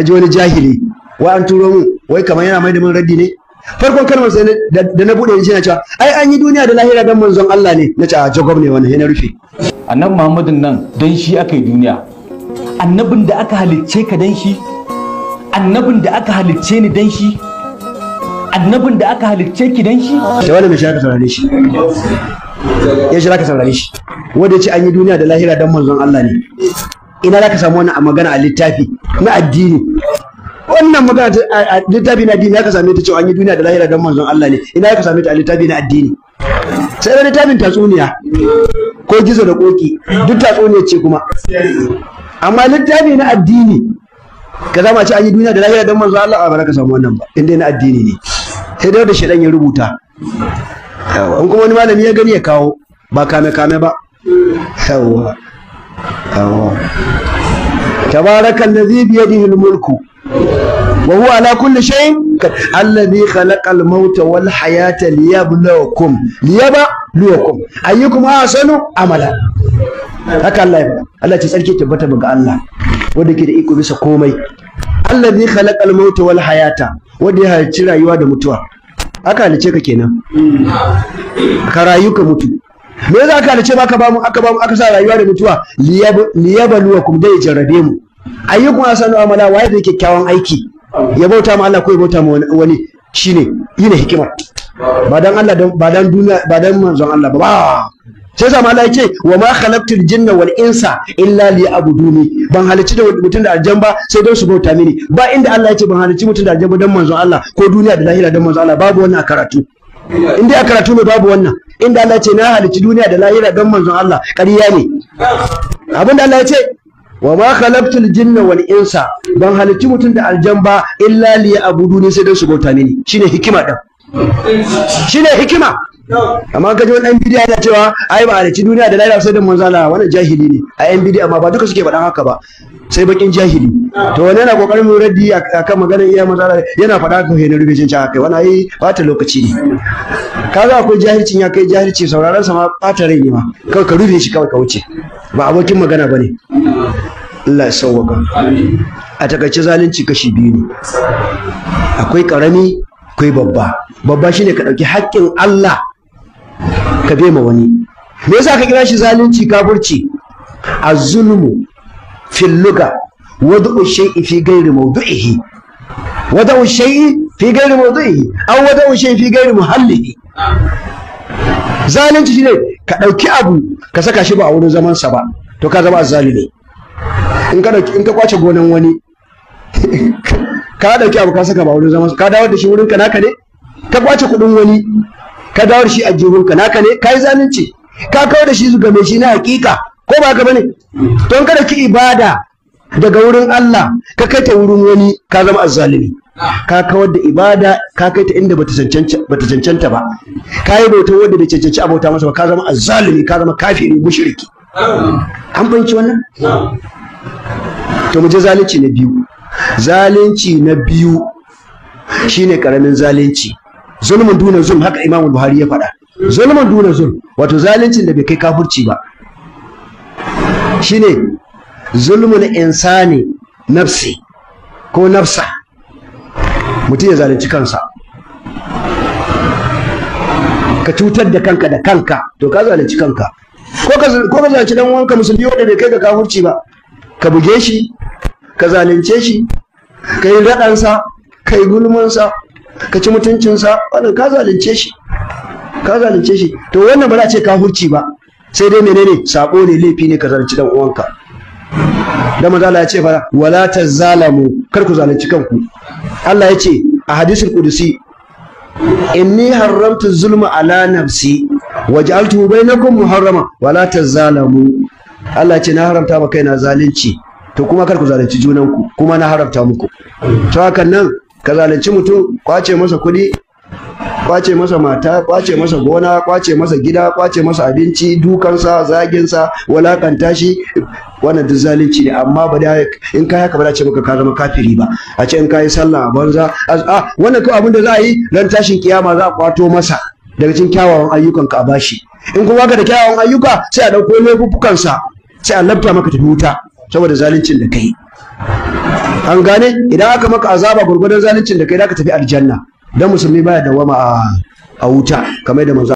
aji wani jahili wai an turo mun wai kamar yana mai da mun raddi ne farkon kalmar sai da na bude shi na cewa ai an yi duniya da lahira dan manzon Allah ne na ce a jagob ne wannan na rufe annabi Muhammadin nan dan shi aka yi duniya annabin da aka halicce ka dan shi annabin da aka halicce ni dan shi annabin da aka halicce ki dan shi da wani mai shi aka saurare shi ya shi aka saurare shi wanda ya ce an yi duniya da lahira dan manzon Allah ne ina ka samu wannan a magana a littafi na addini wannan magana a littafi na addini ya ka same ta cewa an yi duniya da lahira don manzon Allah ne ina ka same ta a littafi na addini sai da littafin tatsuniya ko gizo da koki duk tatsuniya ce kuma amma littafi na addini ka zama ce an yi duniya da lahira don manzon Allah ba ka samu wannan ba inda na addini ne sai da shedan ya rubuta in kuma wani malami ya gani ya kawo ba kame kame ba yawwa تبارك الذي بيده الملك وهو على كل شيء الذي خلق الموت والحياة ليبلوكم ليبلوكم أيكم أحسن عملا haka Allah ya faɗa Allah ce sarki tabbata ga Allah wanda ke da iko bisa komai allazi khalaqal mauta wal hayata wanda ya halicci rayuwa da mutuwa aka halice ka kenan ka rayu ka mutu me za ka ce baka bamu aka bamu aka sa rayuwa da mutuwa liyabaluwa kuma dai jarrabe mu ayyukun asanu amala waye da kyakkyawan aiki ya bauta ma Allah ko ya bauta ma wani shine yine hikima. ba dan Allah ba dan duniya ba dan manzon Allah ba sai sa Allah yake wa ma khalaqtul jinna wal insa illa liya'buduni ban halicci da mutum da aljan ba sai don su bauta mini ba inda Allah yake ban halicci mutum da aljan ba dan manzon Allah ko duniya da lahira dan manzon Allah babu wannan a karatu Inda dai a karatu ne babu wannan inda Allah ce na halicci duniya da lahira don manzon Allah ƙarya ne abin da Allah ya ce wa ma khalaqtul jinna wal insa ban halicci mutum da aljan ba illa li abuduni sai dan su bauta mini shine hikima din shine hikima amma ka ji wani bidiyo yana cewa ai ba halici duniya da laila sai da manzala wannan jahili ne a yan bidiyo amma ba duka suke faɗan haka ba sai bakin jahili to wani yana kokarin mu raddi akan maganar iya manzala yana faɗa ka hena rufe cin haka wani ai ta lokaci ne kaga akwai jahilcin ya kai jahilci sauraron sa ma ta rai ne ma ka ka rufe shi kawai ka wuce ba abokin magana bane Allah ya sauwaka a takaice zalunci kashi biyu ne akwai karami akwai babba babba shine ka ɗauki haƙƙin Allah ka ma wani me yasa ka kira shi zalunci kafirci az-zulmu fil luga wad'u shay'i fi ghairi mawdu'ihi wad'u shay'i fi ghairi mawdu'ihi aw wad'u shay'i fi ghairi muhallihi zalunci shine ka dauki abu ka saka shi ba a wurin zaman sa ba to ka zama azzalimi in ka in ka kwace gonan wani ka dauki abu ka saka ba wurin zaman ka dawo da shi wurin ka naka ne ka kwace kudin wani ka dawo da shi a jihunka naka ne kai zalunci ka kawo da shi ga mai shi na hakika ko ba ka bane don kada ki ibada daga wurin Allah ka kai ta wurin wani ka zama azzalimi ka kawar da ibada ka kai ta inda bata cancanta ba ka yi bautar wanda bai cancanci abota masa ba ka zama azzalimi ka zama kafiri mushriki an fahimci wannan to mu je zalunci na biyu zalunci na biyu shine karamin zalunci zulmun duna zulm haka imamu buhari ya faɗa zulmun duna zulm wato zaluncin da bai kai kafurci ba shine zulmun insani nafsi ko nafsa mutum ya zalunci kansa ka cutar da kanka da kanka to ka zalunci kanka ko ka zalunci dan wanka musulmi wanda bai kai ga kafurci ba ka buge shi ka zalunce shi ka yi raɗansa ka yi gulmansa ka ci mutuncinsa wannan ka zalunce shi ka zalunce shi to wannan ba za ce ka hurci ba sai dai menene sabo ne laifi ne ka zalunci dan uwanka da maza Allah ya ce fara wala tazalamu kar ku zalunci kanku Allah ya ce a hadisul qudusi inni haramtu zulma ala nafsi waj'altuhu bainakum muharrama wala tazalamu Allah ya ce na haramta maka kaina zalunci to kuma kar ku zalunci junanku kuma na haramta muku to hakan nan ka zalunci mutum kwace masa kuɗi kwace masa mata kwace masa gona kwace masa gida kwace masa abinci dukansa zaginsa walakanta shi wannan duk zalunci ne amma ba da in kai haka ba da ce maka ka zama kafiri ba a ce in kai sallah banza a wannan ko abin da za a yi ran tashin kiyama za a kwato masa daga cikin kyawawan ayyukan ka a bashi in kuma ka da kyawawan ayyuka sai a dauko laifuffukansa sai a lafta maka tafi wuta saboda zaluncin da kai an gane idan aka maka azaba gurgudan zaluncin da kai da ka tafi aljanna dan musulmi baya dawama a wuta kamar da manzo